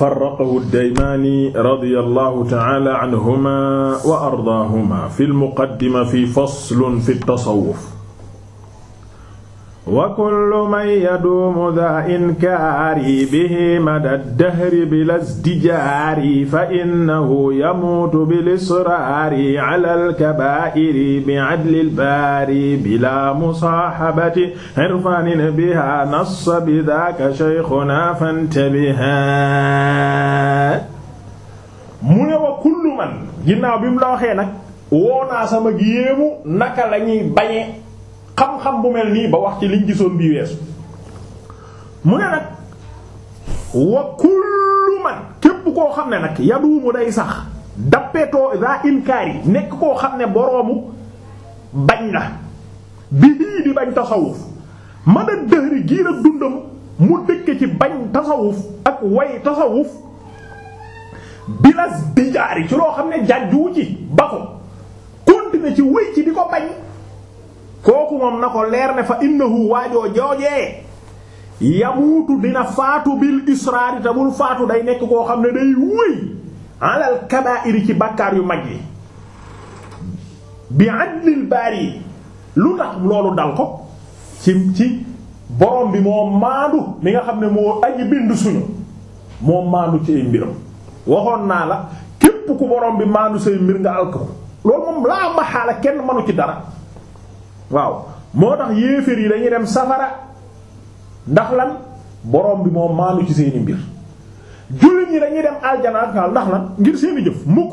farraqahu ad-Daymaani radiyallahu ta'ala anhuma wa ardaahuma fil muqaddima fi faslun fi tasawwuf wa kullu man yaduumu daa inkaari bihi mada dahri bila zdijaari fa innahu yamuutu bil israari ala alkabaa'iri bi adlil baari bila musaahabati irfaanin biha nassa bi daaka shaykhunaa fantabiha mu ne wa kullu man ginnaaw bi mu la waxee nag woo naa sama géemu naka lañuy bañe xam-xam mel nii ci liñ gisoon bi weesu mu ne nag wa kullu man képp koo xam ne nag yaduumu day sax dappetoo za nekk koo xam ne boroomu bañ na bi hii di bañ tasawuf man a dëhëri giir ak dundam mu dëkk ci bañ tasawuf ak way tasawuf bilas bijaar yi ci loo xam ne jàjjuwu ci ba ko continuer ci wéy ci di ko bañ kooku moom na ko leer ne fa innahu waajoo joojee yamuutu dina faatu bil israari te bul faatu day nekk koo xam ne day wëy alal kabaa'iri ci bàkkaar yu mag yi bi adlil baari lu tax loolu dal ko ci ci borom bi moo maandu mi nga xam ne moo aji bind suñu moo maandu ci ay mbiram waxoon naa la képp ku borom bi maandu say mbir nga alko loolu moom laa maxaala kenn manu ci dara waaw moo tax yéeféer yi dañuy dem safara ndax lan boroom bi moo maanu ci seeni mbir jullit ñi dañuy dem aljana ak ndax lan ngir seeni jëf mukk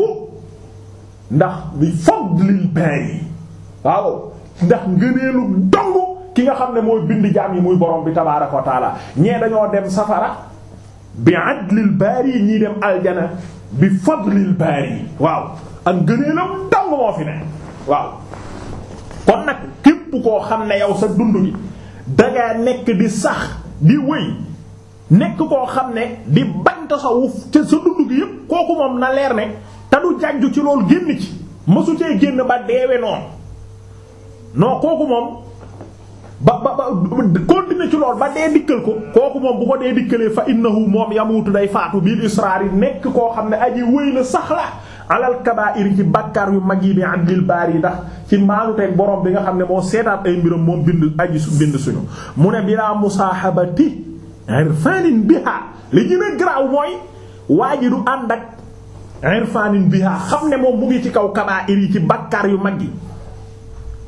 ndax bi fadlil baari waaw ndax ngëneelu dong ki nga xam ne mooy bind jaam yi muy borom bi tabaaraka wa taala ñee dañoo dem safara bi adlil baari ñii dem aljana bi fadlil baari waaw ak ngëneelam dong moo fi ne waaw képp koo xam ne yow sa dund gi dangaa nekk di sax di wëy nekk koo xam ne di bañ tasawuf te sa dund gi yépp kooku moom na leer ne te du jàjju ci loolu génn ci mësu cee génn ba deewe noonu non kooku moom ba ba ba ci loolu ba dee dikkal ko kooku moom bu ko dee dikkalee fa innahu moom yamutu day faatu bil israar yi nekk koo xam ne aji wëy la sax la alal kabaa'ir ci bàkkaar yu mag yi bi abdil baar yi ndax ci maanu tey borom bi nga xam ne moo seetaat ay mbiram moom bind aji bind suñu mu ne bilaa musaahabati irfanin biha li gën a garaaw mooy waa ji du ànd ak irfanin biha xam ne moom mu ci kaw kabaa'ir yi ci bàkkaar yu mag yi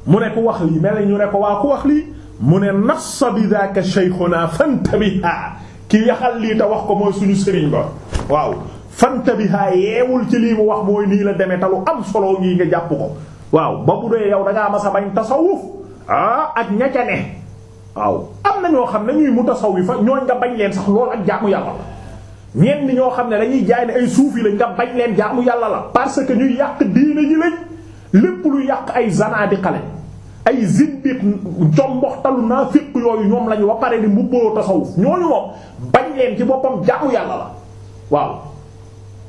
mu ne ku wax lii mel ñu ne ko waa ku wax lii mu ne nassa bi daaka shaykhuna fantabiha ki yaxal lii te wax ko mooy suñu sëriñ ba waaw fan fantabiha yeewul ci lii mu wax mooy nii la demee talu am solo ngi nga jàpp ko waaw ba bu dee yow da ngaa mas a bañ tasawuf ah ak ña waaw am na ñoo xam ne ñuy mutasawifa ñooñ nga bañ leen sax loolu ak jaamu yàlla la. ñenn ñoo xam ne dañuy jaay ne ay suufi lañ nga bañ leen jaamu yàlla la parce que ñuy yàq diine yi lañ lépp lu yàq ay zanadiqa lañ ay zindit njomboxtalu naafiq yooyu ñoom lañu ba pare di mbubboo tasawuf ñooñu moom bañ leen ci boppam jaamu yàlla la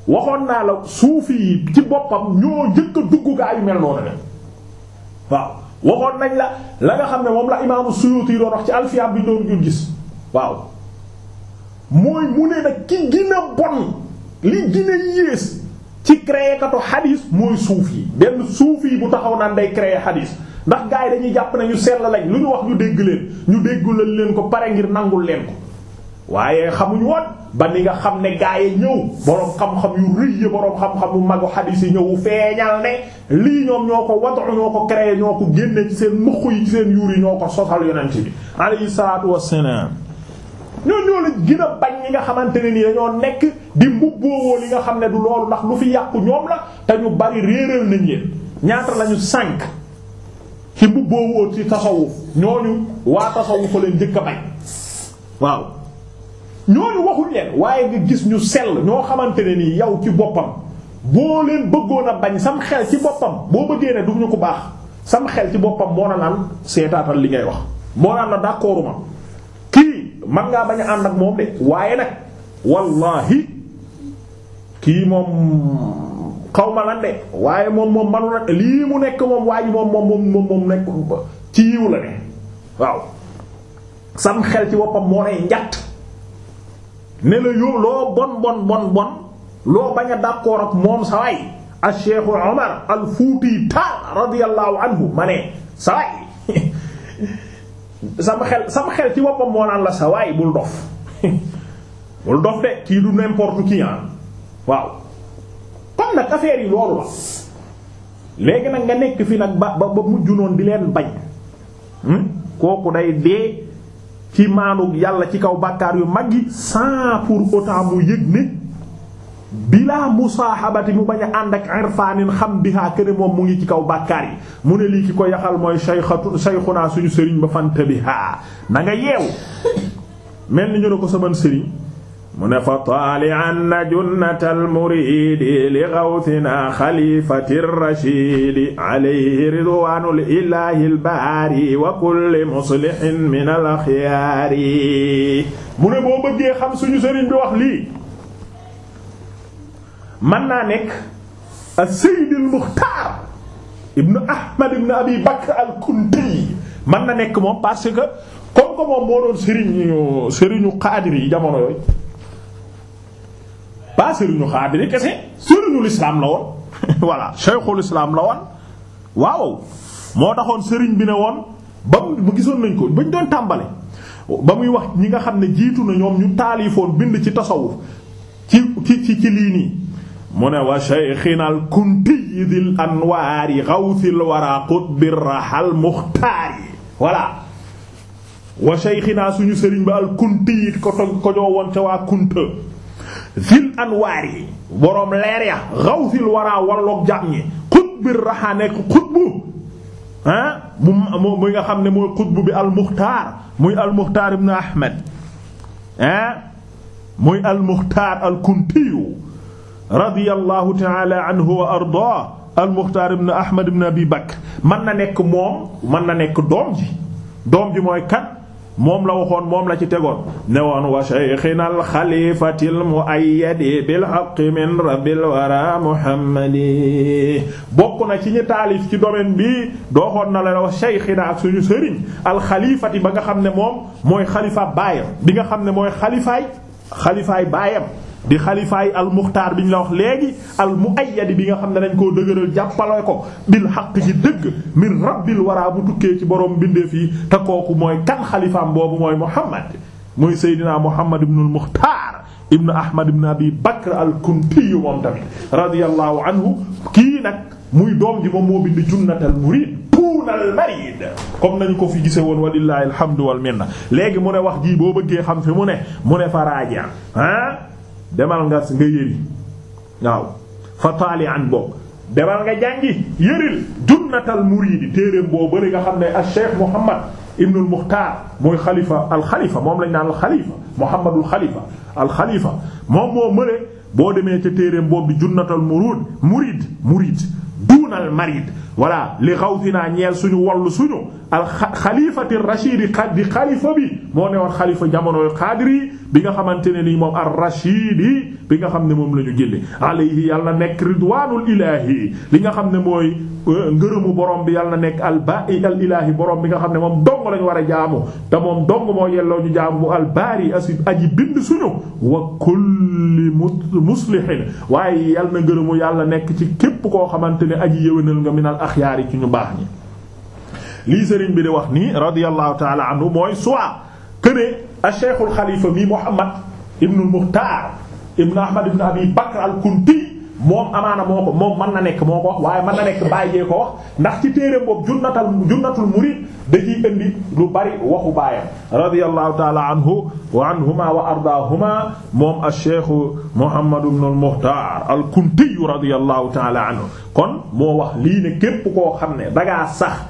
waxoon naa la suufi yi ci boppam ñoo njëkk a dugg gaa yu mel noonu la waaw waxoon nañ la la nga xam ne moom la imaamu Suyuti doon wax ci Alfiya bi doon ñu gis waaw mooy mu ne nag ki gën a bon li gën a yées ci créé xadiis mooy suufi yi benn suufi yi bu taxaw naan day créé xadiis ndax gaa yi dañuy jàpp ne ñu sell lañ lu ñu wax ñu dégg leen ñu déggulal leen ko pare ngir nangul leen ko. waaye xamuñu woon ba ni nga xam ne gaa yi ñëw boroom xam-xam yu rëy yi boroom xam-xam yu magu xadiis yi ñëw feeñal ne lii ñoom ñoo ko watu ñoo ko génne ci seen mukk yi ci seen yuur yi ñoo ko sosal yonent bi alayhi salaatu wassalaam ñoo ñoo la gën a bañ ñi nga xamante ne nii dañoo nekk di mbubboowoo li nga xam ne du loolu ndax lu fi yàqu ñoom la te ñu bari réeral nañ leen ñaata lañu sànk ci mbubboowoo ci tasawuf ñooñu waa tasawuf ko leen njëkk ñooñu waxuñ leen waaye nga gis ñu sell ñoo xamante ne nii yow ci boppam boo leen bëggoon a bañ sam xel ci boppam boo bëggee ne du ko baax sam xel ci boppam moo na naan seetaatal li ngay wax moo naan la d'accordu kii man ngaa bañ ànd ak moom waaye nag wallahi kii moom xaw ma lan waaye moom moom manu mu nekk moom waa ji moom moom moom moom nekk ci yiw la xel ci boppam moo lay njatt ne la yoo loo bon bon bon bon loo bañ a d'accord ak moom sa waay a Cheikh Omar al Fuuti Taal radiyallahu anhu ma ne sa sama xel sama xel ci boppam moo naan la sa waay bul dof bul dof de kii du n'importe qui ah. waaw kon nag affaire loolu la léegi nag nga nekk fi nag ba ba mujj noonu di leen bañ hmm? kooku day dee ci maanug yàlla ci kaw bàkkaar yu mag yi sans pour autant yëg ne bilaa musaaxabati mu bañ a ànd ak irfaanin xam bihaa këne moom mu ngi ci kaw bàkkaar yi mu ne lii ki ko yaxal mooy sayxatu sayxunaa suñu sëriñ ba fanta bi haa na nga yeewu mel ni ñu ne ko sa man sëriñ mu ne fa taali'anna junnatal muriidi li gawsinaa xalifatir rashiidi alayhi ridwaanul ilaahil baari wa kulli muslihin minal axyaari mu ne boo bëggee xam suñu sëriñ bi wax lii mën naa nekk as-sayyidul muxtaar ibnu ahmad ibnu abi bakr al-kunti mën na nekk moom parce que comme que moom moo doon sëriñu sëriñu qaadir yi jamono yooyu pas sëriñu xaadiri kese sëriñu lislaam la woon voilà cheikhul islam la woon waaw moo taxoon sëriñ bi ne woon ba mu gisoon nañ ko bañ doon tàmbale ba muy wax ñi nga xam ne jiitu na ñoom ñu taalifoon bind ci tasawuf ci ci ci lii nii mu ne wa shaykhina al kunti dil anwaari gawthil wara qutbir rahal muxtaari voilà wa shaykhina suñu sëriñ ba al kunti ko togg ko joo woon ca kunta zil anwaar yi boroom leer ya xawsil waraa warloog jàmm ñi xutbir raxaa nekk xutbu mu mu nga xam ne mooy xutbu bi almuxtaar muy almuxtaar ibn ahmed ah muy almuxtaar alkuntiyu radiyallahu taala wa ardaa almuxtaar ibn ahmed ibn abi bakr mën na nekk moom mën na nekk doom ji doom ji mooy kan moom la waxoon moom la ci tegoon ne woon wa shaykhina al ay muayyadi bil haqqi min rabbil wara muhammadi bokk na ci ñi taalif ci domaine bi doxoon na la wa shaykhina ak suñu sëriñ al xalifati ba nga xam ne moom mooy xalifa baayam bi nga xam ne mooy xalifaay xalifaay baayam di xalifaay al muxtaar bi ñu la wax léegi al muayyadi bi nga xam ne dañ koo dëgëral jàppale ko bil xaq ji dëgg min rabbil waraa bu tukkee ci boroom bindeef fii te kooku mooy kan xalifaam boobu mooy Muhammad muy Seydina Muhammad ibnul Muxtaar ibnu Ahmad ibnu Abi Bakr al Kunti moom tamit anhu kii nag muy doom ji moom moo bind junnatal murid al marid comme nañu ko fi gise woon walillahi alhamdu wal minna léegi mu ne wax jii boo bëggee xam fi mu ne mu ne demal nga nga yëri waaw fa taali an bokk demal nga jàngi yëril junnatal muridi téere boo bëri nga xam ne al cheikh Muhammad ibnul Muxtaar mooy xalifa al xalifa moom lañ naan al xalifa Muhammadul xalifa al xalifa moom moo mëne boo demee ca téere boobu bi junnatal murud murid murid duunal marid voilà li xawtinaa ñeel suñu wallu suñu al xalifati rachidi di xalifa bi moo ne woon xalifa jamonoy xaadiri bi nga xamante ne nii moom ar rachidi bi nga xam ne moom la ñu génne alayhi yàlla na nekk ridwanul ilahi li nga xam ne mooy euh, ngërëmu borom bi yàlla nekk al ba'i al borom bi nga xam ne moom dong lañ war a jaamu te moom dong moo yelloo ñu jaamu mu al bari asi aji bind suñu wa kulli muslihin waaye yàlla na ngërëmu yàlla nekk ci képp koo xamante ne aji yëwénal nga minal axyaar yi ci ñu baax ñi lii sëriñ bi di wax nii radiyallahu taala anhu mooy soit que ne a cheikhul xalifa mi Muhammad ibnul Muxtaar ibn Ahmad ibn Abi Bakr al-Kunti moom amaana moo ko moom mën na nekk moo ko wax waaye mën na nekk bàyyee ko wax ndax ci téere boobu junnatal junnatul murid da ciy indi lu bari waxu baayam radiyallahu taala anhu wa anhuma wa ardaahuma moom ash-shaykh Muhammad ibn al-Mukhtar al-Kunti radiyallahu taala anhu kon moo wax lii ne képp koo xam ne dangaa sax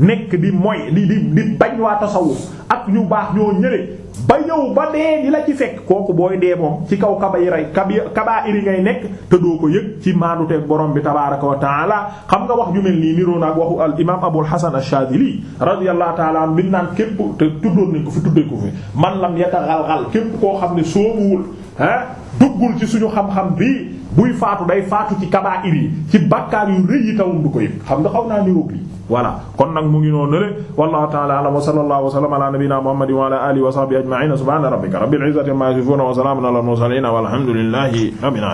nekk di moy di di di bañ waa tasawuf ak ñu baax ñoo ñële ba ñëw ba dee di la ci fekk kooku booy dee moom ci kaw kaba yi rey kabaa iri ngay nekk te doo ko yëg ci maanuteeg borom bi tabaaraka wa taala xam nga wax ju mel nii niroon ak waxu al imaam Abul Hasan ash-Shaadili radiyallahu taala an bin naan képp te tuddoon nañ ko fi tuddee ko fi man lam yataxalxal képp koo xam ne soobuwul ah duggul ci suñu xam-xam bii buy faatu day faatu ci kabaa iri ci bakkaar yu rëy yi tawum du ko yëg xam naa voilà kon nag mu ngi noonu le wallahu ta'ala a'lam wa sallallahu wa sallama ala nabiyyina muhammadin wa ala alihi wa sahbihi ajma'in subhana rabbika rabbil izzati amma yasifun wa salamun ala al mursalin walhamdulillahi rabbil alamin